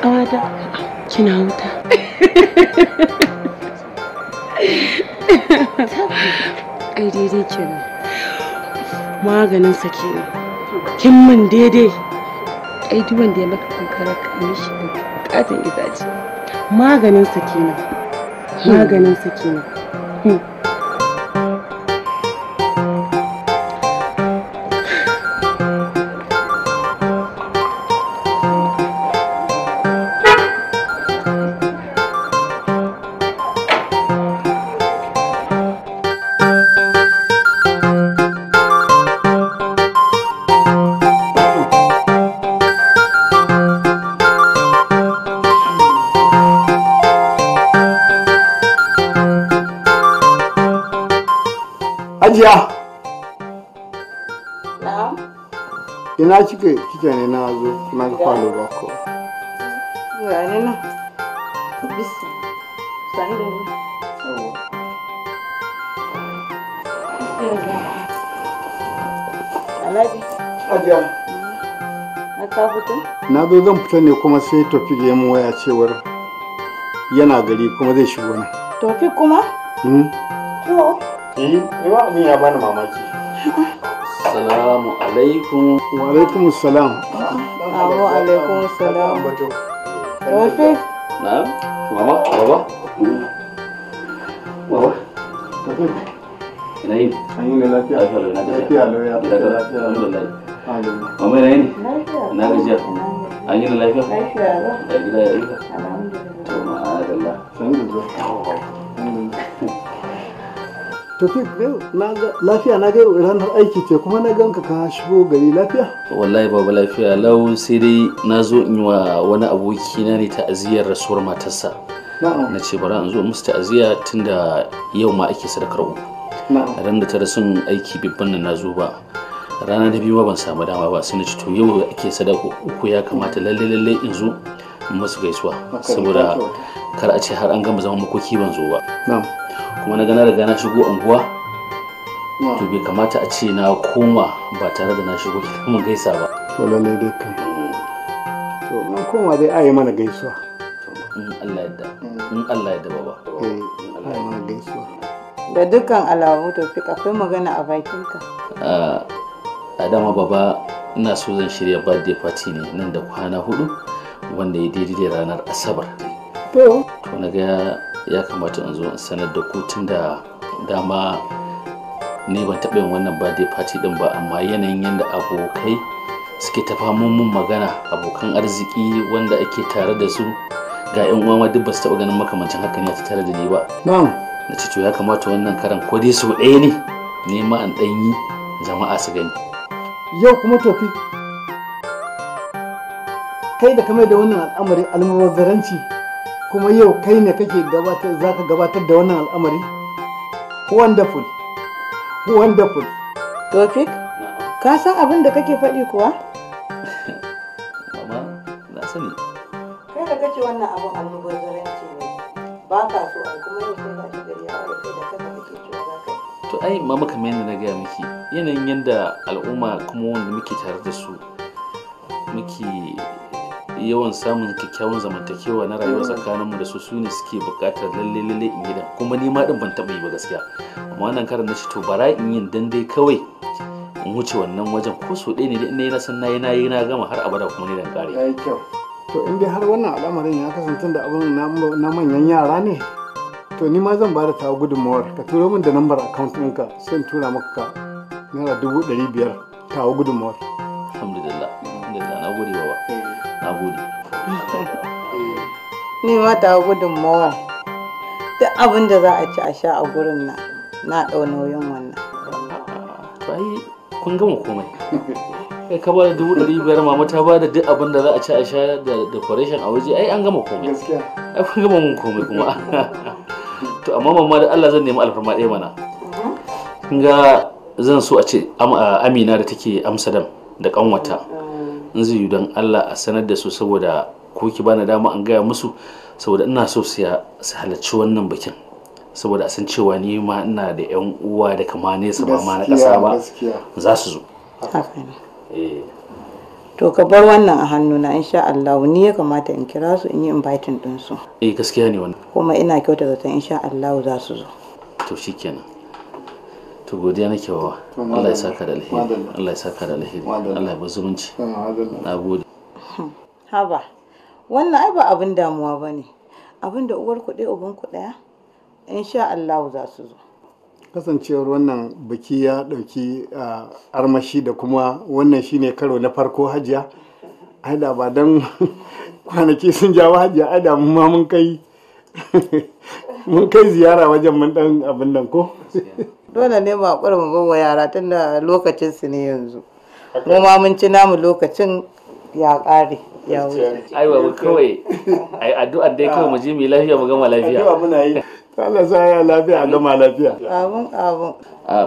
kawata kina wuta ai daidai kin maganin sa ne. kin min daidai ai duk wanda ya maka kankara ka da katin itace maganin sa kenan maganin sa kenan hmm. Hajiya. Na'am. Ina kike kike ne na zo na ga falo ba ko. ne na? Alhaji. Hajiya. Na ka fito? Na zo zan fita ne kuma sai tafi ya waya cewar yana gari kuma zai shigo nan. kuma? Mm. Eh, Salamu alaikum. Wa alaikum salam. Wa alaikum salam. Rafi. Na? Mama, baba. Baba. lafiya. Lafiya Lafiya Mama Na gajiya. lafiya? Lafiya Alhamdulillah. Ma'adallah. da tafi lafiya na ga ranar aiki ce kuma na ganka ka shigo gari lafiya wallahi baba lafiya lau sai dai na zo in yi wa wani aboki na ne ta'aziyar rasuwar matarsa na ce bari an zo musu ta'aziya tunda yau ma ake sadakar uku ran da ta rasun aiki bibban na zo ba rana da biyu ban samu dama ba suna ci to yau ake sadaka uku ya kamata lalle lalle in zo masu gaisuwa saboda kar a ce har an gama zama makoki ban zo ba kuma na gana da na shigo unguwa to bai kamata a ce na koma ba tare da na shigo mun gaisa ba to lalle dai kan to na koma dai ayi mana gaisuwa in Allah yadda in Allah yadda baba eh, ayi mana gaisuwa da dukkan alamu to fi akwai magana a ka. a dama baba ina so zan shirya birthday party ne nan da kwana hudu wanda ya daidai ranar asabar to na ga ya kamata in zo in sanar da ku da dama ne ban taɓa yin wannan birthday fati din ba amma yanayin yadda abokai suke tafa mun magana abokan arziki wanda ake tare da su ga yan uwa duk ba su taɓa ganin makamancin hakan ya tare da ni ba na ce to ya kamata wannan karan ko dai sau ɗaya ne nema an ɗan yi jama'a su gani yau kuma tofi kai da kamar da wannan al'amarin almubazzaranci kuma yau kai ne kake gabatar za ka gabatar da wannan al'amari wonderful wonderful tofik ka san abin da kake faɗi kuwa mama na sani kai da kake wannan abin almubazzaranci ne ba ka so a kuma yau sai gashi gari ya ware kai da kanka kake cewa to ai mama kamar yadda na gaya miki yanayin yadda al'umma kuma wanda muke tare da su muke yawan samun kyakkyawan zamantakewa na rayuwa mu da su su ne suke bukatar lalle lalle in yi da kuma ni ma din ban taɓa yi ba gaskiya amma wannan karan na shi to bara in yin dan dai kawai in wuce wannan wajen ko so ɗaya ne da ina na san na yi na gama har abada kuma ni dan kare yayi kyau to in dai har wannan al'amarin ya kasance da abin na manyan yara ne to ni ma zan bada ta gudunmawar ka turo min da lambar account ɗinka sai in tura maka naira dubu ɗari biyar tawa gudunmawar na gode ni ma ta duk abin da za a ci a sha a gurin na na ɗau nauyin wannan kun gama komai kai ka ba da dubu ɗari biyar mama ta ba da duk abin da za a ci a sha da decoration a waje ai an gama komai ai kun gama mun komai kuma to amma mamma da Allah zan nemi alfarma ɗaya mana mhm. kun ga zan so a ce amina da take amsterdam da ƙanwata. in zai yi don allah a sanar da su saboda ko ki bani dama an gaya musu saboda ina so su halarci wannan bikin saboda a san cewa ni ma ina da yan uwa da kama nesa ba ma na kasa ba za su zo eh. to ka bar wannan a hannu in insha Allah ni ya kamata in kira su in yi inviting din su eh gaskiya ne wannan kuma ina kyauta in insha Allah za su zo to shikenan to godiya nake wa Allah ya saka da alheri Allah ya saka da alheri Allah ya bar zumunci na gode hmm. haba wannan ai ba abin damuwa bane abin da uwar ku dai uban ku daya insha Allah za su zo kasancewar wannan biki ya ɗauki armashi da kuma wannan shine karo na farko hajiya ai da ba dan kwanaki sun jawo hajiya ai da ma mun kai mun kai ziyara wajen mun dan abin nan ko dole ne mu haƙura mu bawa yara tun da lokacin su ne yanzu mu ma mun ci namu lokacin ya ƙare ya wuce aiwa mu kawai ai addu'a dai kawai mu ji mu lafiya mu gama lafiya addu'a muna yi Allah sa ya lafiya a gama lafiya amin amin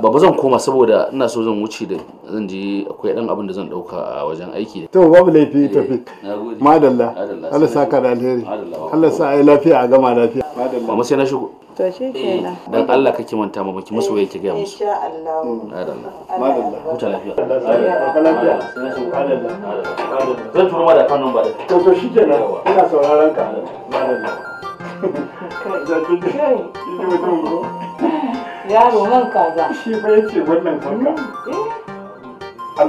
baba zan koma saboda ina so zan wuce da zan ji akwai dan abin da zan dauka a wajen aiki to babu laifi tafi eh, madalla Allah sa ka da alheri Allah sa ya lafiya a gama lafiya madalla amma sai na shigo to shi eh, kenan dan Allah kake manta ma baki musu waye gaya musu insha Allah mm, madalla huta lafiya lafiya zan ma da kan ba da to shi kenan ina sauraron ka madalla yaro kaza shi ba yace wannan mm, eh.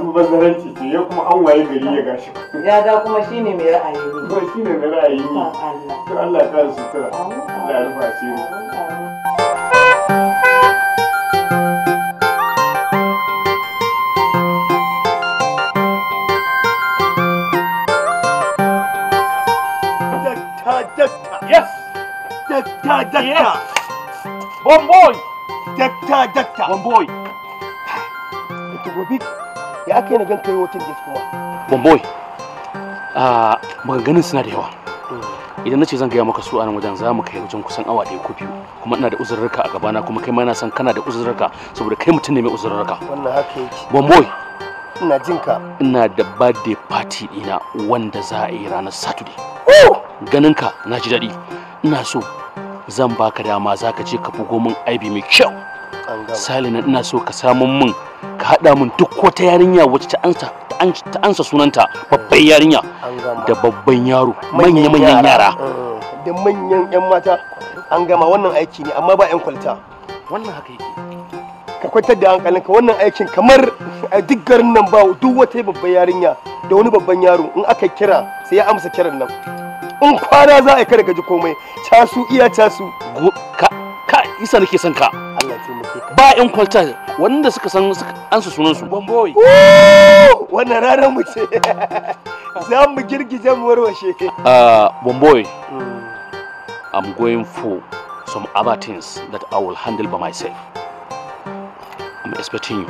ce ya kuma an waye gari ya gashi ya da kuma shine mai ra'ayi ne kuma shine mai ra'ayi ne Allah ta sutura Allah ya rufa shi dakta dakta bomboy dakta dakta bomboy to gobe ya ake na ganta yau tun kuma bomboy Ah, maganganun suna da yawa idan na ce zan gaya maka su a nan wajen za mu kai wajen kusan awa ɗaya ko biyu kuma ina da uzurrarka a gabana kuma kai ma na san kana da uzurrarka saboda kai mutum ne mai uzurrarka. wannan haka yake bomboy ina jin ka ina da birthday party dina wanda za a yi ranar saturday oh! ganin ka na ji daɗi ina so zan baka dama za ka je ka bugo min aibi mai kyau salina ina so ka samu min ka haɗa min duk wata yarinya wacce ta ansa ta ansa sunanta babban yarinya da babban yaro manya manyan yara eh, da manyan yan mata an gama wannan aiki ne amma ba yan kwalta wannan haka yake ka kwantar da hankalinka wannan aikin kamar a duk garin nan ba duk wata babban yarinya da wani babban yaro in aka kira sai ya amsa kiran nan in kwana za a kada ka ji komai casu iya casu ka ka isa nake son ka Allah ya taimake ka ba in kwalta wanda suka san an su sunan su bomboy wannan ranar mu ce za mu girgije mu warwashe ah bomboy mm. i'm going for some other things that i will handle by myself i'm expecting you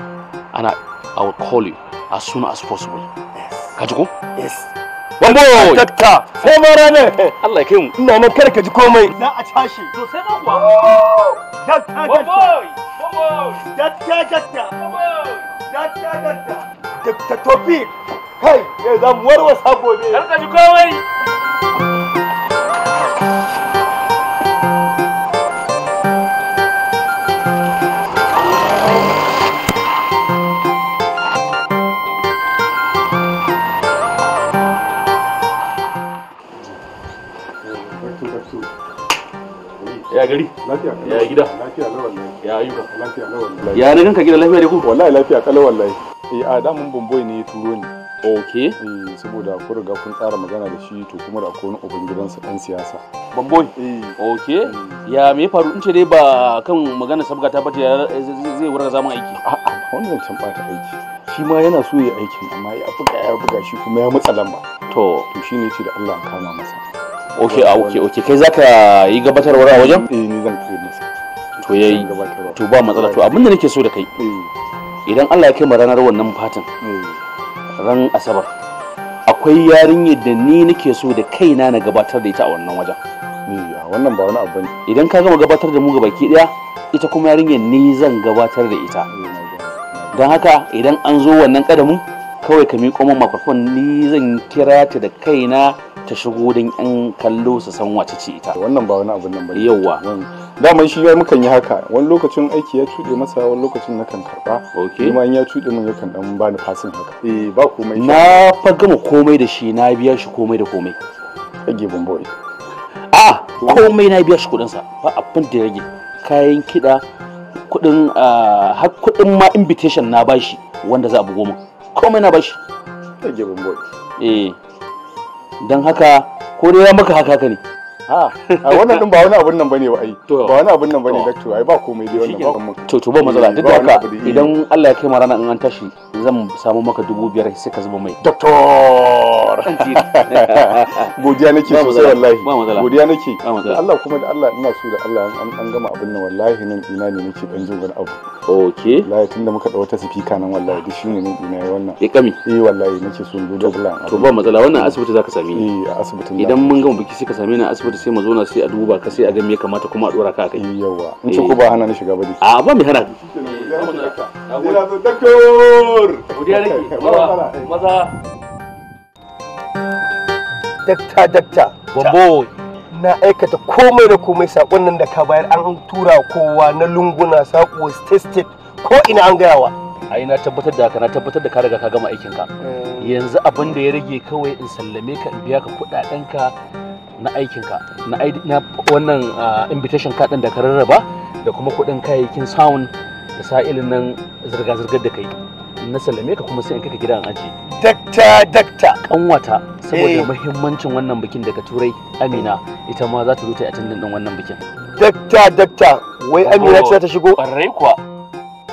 and i, I will call you as soon as possible yes. Kajuko? Yes. wambo tatta sai ma ranar Allah ya kai mu ina nan kar ka ji komai na a tashi to sai ma kuwa tatta tatta tatta tatta tatta tatta tofi kai ya zamu warwasa gobe kar komai ya gida lafiya na wallahi ya ayyuka lafiya na wallahi ya na ganka gida lafiya ne ku wallahi lafiya kala wallahi eh a da mun bomboy ne turo ne. ok eh saboda ku riga kun tsara magana da shi to kuma da akwai uban gidansa dan siyasa bomboy eh ok eh. ya me faru in ce dai ba kan magana sabga ta bace zai wurga zaman aiki a'a wannan can bata aiki shi ma yana so ya aikin amma ya buga ya buga shi kuma ya matsa ba. to to shine ce da Allah kama masa ok a ah, ok ok kai zaka yi gabatarwar a wajen eh ni zan kai masa to yayi to ba matsala to abinda nake so da kai eh. idan Allah ya kai mu ranar wannan fatan eh. ran asabar akwai yarinyar da ni nake so da kaina na gabatar da ita a wannan wajen wannan ba wani abu bane idan ka gama gabatar da mu gabaki daya ita kuma yarinyar ni zan gabatar da ita eh, don haka idan an zo wannan kadamin kawai ka miƙo min microphone ni zan kira ta da kaina ta shigo don yan kallo su san wace ce ita wannan ba wani abun nan ba yawa dama shi ya mukan yi haka wani lokacin aiki ya cuɗe masa wani lokacin na kan karɓa okay ma ya cuɗe min yakan dan bani fasin haka eh ba komai na fa gama komai da shi na biya shi komai da komai rage bambori a komai na biya shi kudin sa ba abin da rage kayan kiɗa kudin har kudin ma invitation na bashi wanda za a bugo min komai na bashi rage bambori eh don haka ko dai ya maka haka haka ne a wannan din ba wani abun nan bane ai ba wani abun nan bane dakto ai ba komai dai wannan ba mun to to ba matsala eh, duk da haka idan Allah ya kai mu rana in an tashi zan samu maka dubu biyar sai ka zuba mai doktor godiya nake sosai wallahi godiya nake Allah kuma da Allah ina so da Allah an gama abin nan wallahi nan ina ne nake dan jin wani abu okay wallahi tunda muka da wata sifika nan wallahi duk shine nan ina wannan ya eh, kami eh wallahi nake so in zo to ba matsala wannan asibiti zaka same ni eh asibitin idan mun gama biki sai ka same ni asibiti sai mu na sai a duba ka sai a ga me kamata kuma a dora ka kai yawa in ci ku ba hana ni shiga ba a ba mai hana dakta dakta bambo na aikata komai da komai sakon nan da ka bayar an tura kowa na lunguna sako state ko ina an gayawa ai na tabbatar da haka na tabbatar da ka riga ka gama aikin ka eh. yanzu abin da ya rage kawai in sallame ka in biya ka kudaden ka na aikinka na wannan invitation card da ka rarraba da kuma kudin kayayyakin sound da ilin nan zirga-zirgar da kai na sallame ka kuma sai in kaka gidan aji dakta dakta kanwata saboda eh. muhimmancin wannan bikin daga turai amina ita ma za ta zo ta yi attendant din wannan bikin dakta dakta wai amina ce ta shigo ƙwarai kuwa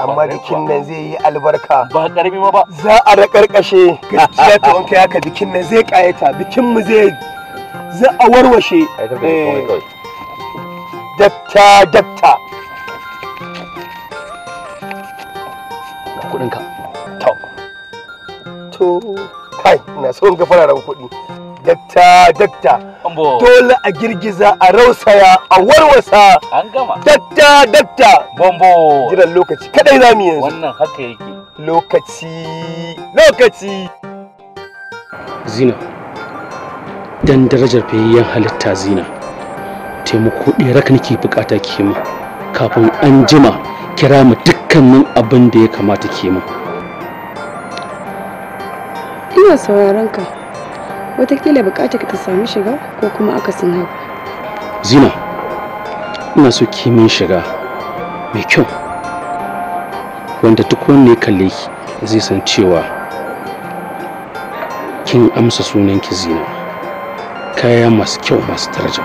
amma bikin nan zai yi albarka ba karami ma ba za a raƙarƙashe gaskiya to in kai haka bikin nan zai kayata bikin mu zai za a warwashe eh, dabta dabta ga kudinka to to kai ina son ga fararen kudi dakta dakta dole a girgiza a rausaya a warwasa an gama dakta dakta bombo jiran lokaci kadai mu yanzu wannan haka yake lokaci lokaci zina dan darajar fayayyen halitta zina taimako ɗaya raka nake bukata ke mu kafin an jima kira mu dukkanin abin da ya kamata ke mu ina sauraron ka watakila bukatar ka ta sami shiga ko kuma akasin haka zina ina so kimin shiga mai kyau wanda duk wanda ya kalle zai san cewa kin amsa sunan ki zina kaya masu kyau masu daraja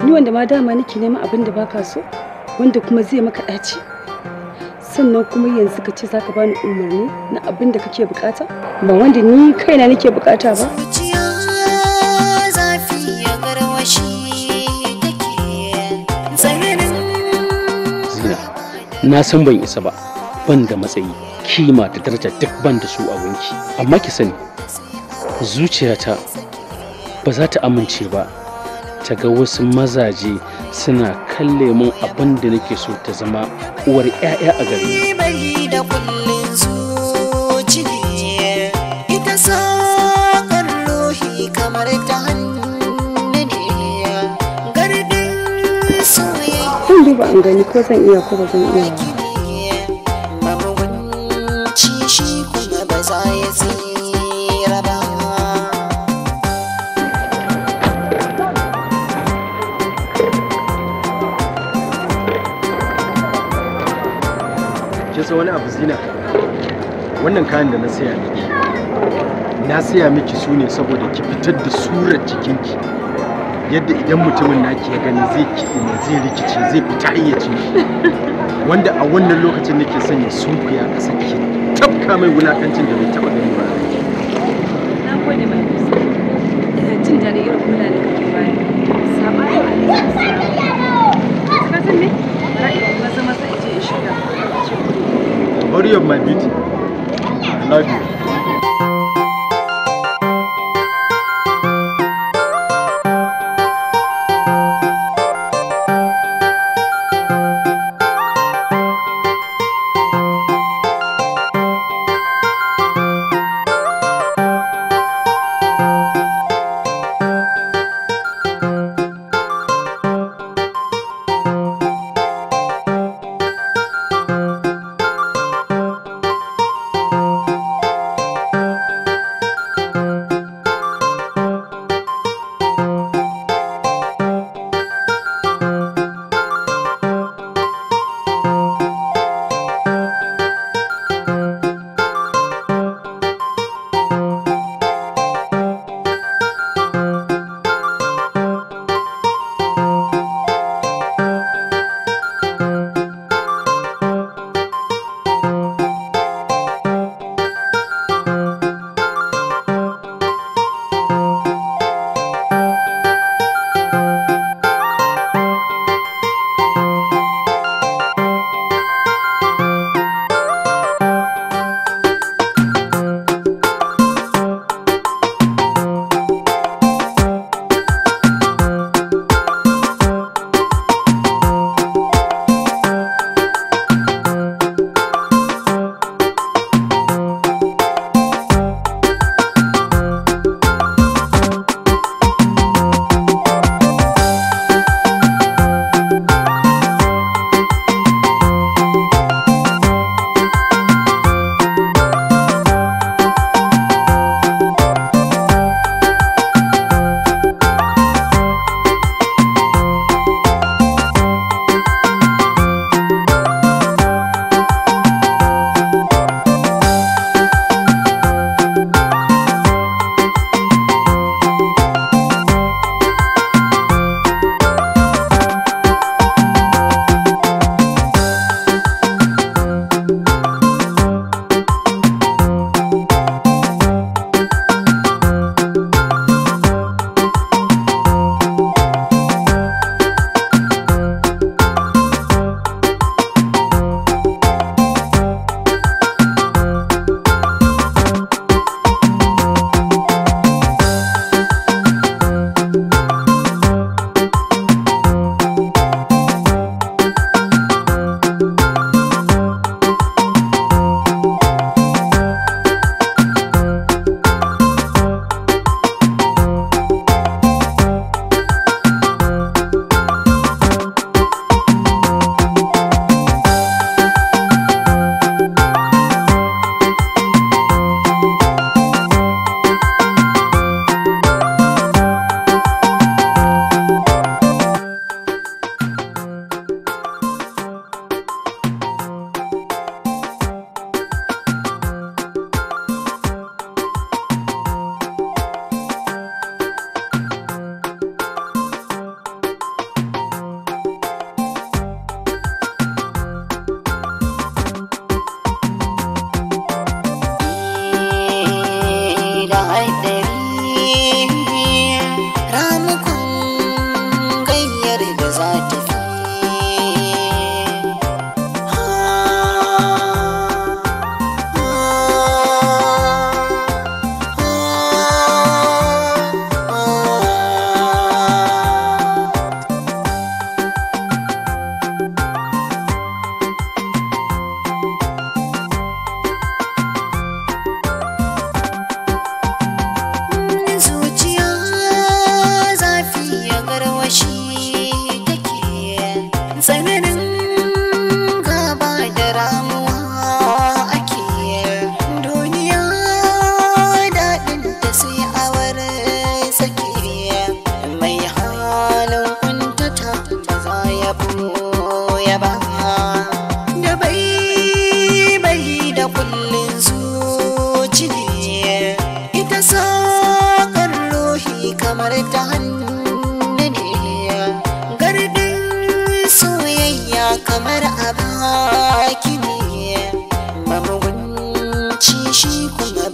ni wanda ma dama nake neman abin da baka so wanda kuma zai maka ɗaci sannan kuma yanzu ka ce za ka bani umarni na abin da kake bukata ba wanda ni kaina nake bukata ba na san ban isa ba ban da matsayi kima da daraja duk ban da su a gunki amma ki sani zuciyata ba za ta amince ba ta ga wasu mazaje suna kalle mun abin da nake so ta zama uwar 'ya'ya a gare ni ba an gani ko zan iya ko ba zan iya. ba. tsira kisa wani abu zina wannan kayan da na saya miki na saya miki su ne saboda ki fitar da surar jikinki yadda idan mutumin naki ya gani zai kiɗima zai rikice zai fita hayyace wanda a wannan lokacin nake son ya sunkuya ƙasa ki tafka mai wulakancin da bai taɓa gode ma jin daɗin irin kula da kake bani sabanin alaikum ka san me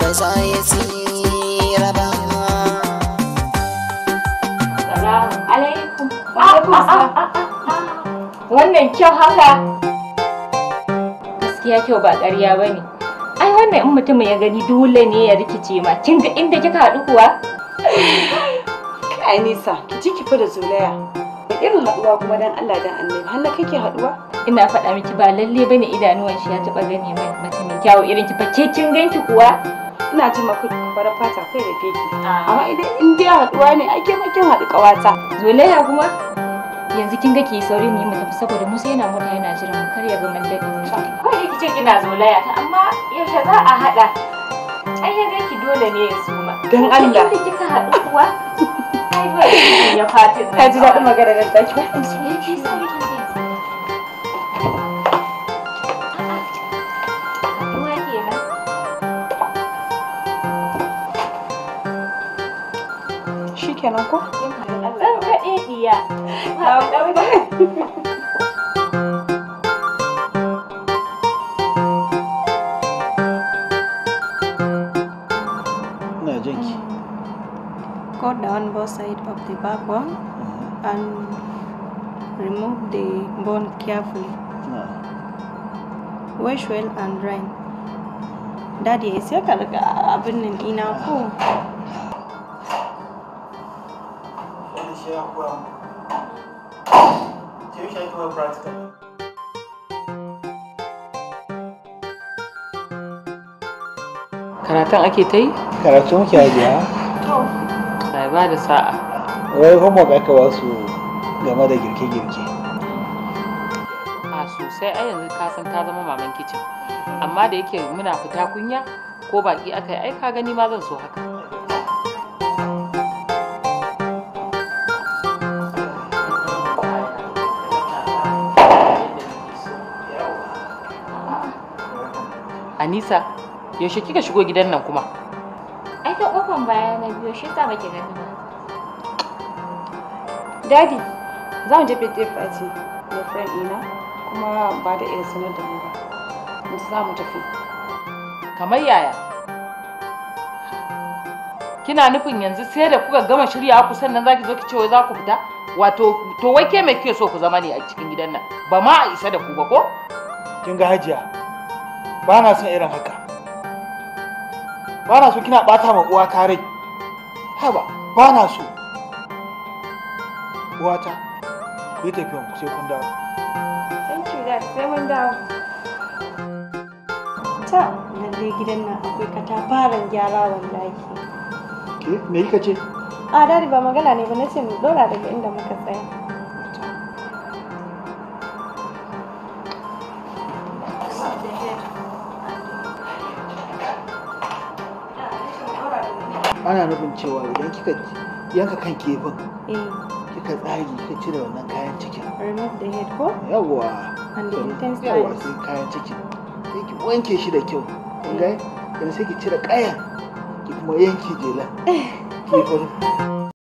ba za ya tsira ba. Ah, ah, ah, wannan kyau haka? Gaskiya kyau ba ƙarya ba ne. Ai wannan in mutum ya gani dole ne ya rikice ma. Kin ga inda kika haɗu kuwa? Kai Nisa, ki ji ki fi da zolaya. Da irin haɗuwa kuma dan Allah dan Annabi. Hanna kake haɗuwa? ina faɗa miki ba lalle bane idanuwan shi ya taɓa gani mai mace mai kyawu irin ki fa ke kin ganki kuwa ina ji maku farar fata kai da feki ah. amma idan in dai haduwa ne ake makin haɗu kawata Zolaya kuma yanzu kin ga ki sauri ne yi mata saboda Musa yana mota yana jira mu kar ya ga mun dade kai ki ce kina zolaya ta amma yaushe za a hada ai ya ga ki dole ne ya ma dan Allah kin kika haɗu kuwa ai ba ya fata ta ji daɗin magana da take ki sauri ki kenan ko? Zan kaɗe diya. Ba down both of the backbone mm-hmm. and remove the bone carefully. Wash well and drain. Daddy, sai ka riga abin nan ina ko? yeah, well. Do you practical? Karatun ake ta yi? Karatun muke ha? To. Ai ba da sa'a. Wai homework aka ba su game da girke-girke. A sosai a yanzu ka san ta zama maman kicin. Amma da yake muna fita kunya ko baki aka yi aika gani ma zan so haka. Anisa, yaushe kika shigo gidan nan kuma? Ai ta kofan baya na biyo shi sa baki gani ba. Daddy, za mu je birthday party da friend ina kuma ba da iya sanar da mu ba. Mu za mu tafi. Kamar yaya? Kina nufin yanzu sai da kuka gama shirya ku sannan zaki zo ki ce za ku fita? Wato to wai ke me kike so ku zama ne a cikin gidan nan? Ba ma a isa da ku ba ko? Kin ga Hajiya, ba na son irin haka ba na so kina bata ma uwa ta rai haba ba na so uwata ku yi tafiyan ku sai kun dawo thank you dad sai mun dawo ta lalle gidan nan akwai katafaren gyara wallahi ke me ka ce a ah, dadi ba magana ne ba na ce mu dora daga inda muka tsaya cewa idan kika yanka kan kifin eh. kika tsari ka cire wannan kayan cikin remove the head ko yawwa yawwa sai kayan cikin sai ki wanke shi da kyau kun ga eh. yanzu sai ki cire kayan ki kuma yanke jelan kifin